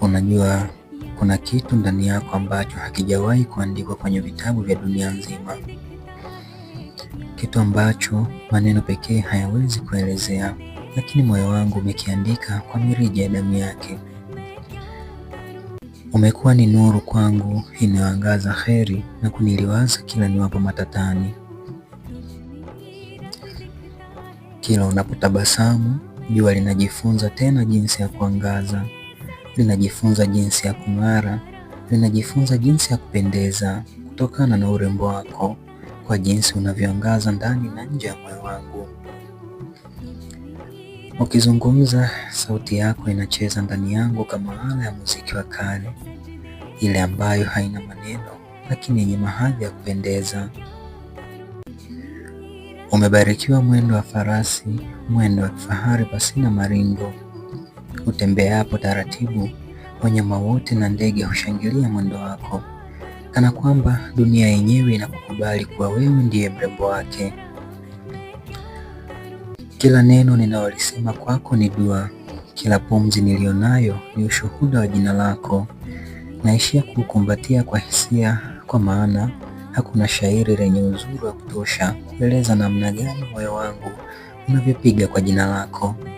Unajua, kuna kitu ndani yako ambacho hakijawahi kuandikwa kwenye vitabu vya dunia nzima, kitu ambacho maneno pekee hayawezi kuelezea, lakini moyo wangu umekiandika kwa mirija ya damu yake. Umekuwa ni nuru kwangu inayoangaza heri na kuniliwaza kila niwapo matatani, kila unapotabasamu Jua linajifunza tena jinsi ya kuangaza, linajifunza jinsi ya kung'ara, linajifunza jinsi ya kupendeza kutokana na urembo wako, kwa jinsi unavyoangaza ndani na nje ya moyo wangu. Ukizungumza, sauti yako inacheza ndani yangu kama ala ya muziki wa kale, ile ambayo haina maneno, lakini yenye mahadhi ya kupendeza. Umebarikiwa mwendo wa farasi, mwendo wa kifahari pasina maringo. hapo taratibu, wanyama wote na ndege hushangilia mwendo wako, kana kwamba dunia yenyewe inakukubali kuwa wewe ndiye mrembo wake. Kila neno ninalolisema kwako ni dua, kila pumzi nilionayo ni ushuhuda wa jina lako. Naishia kukumbatia kwa hisia, kwa maana hakuna shairi lenye uzuri wa kutosha kueleza namna gani moyo wangu unavyopiga kwa jina lako.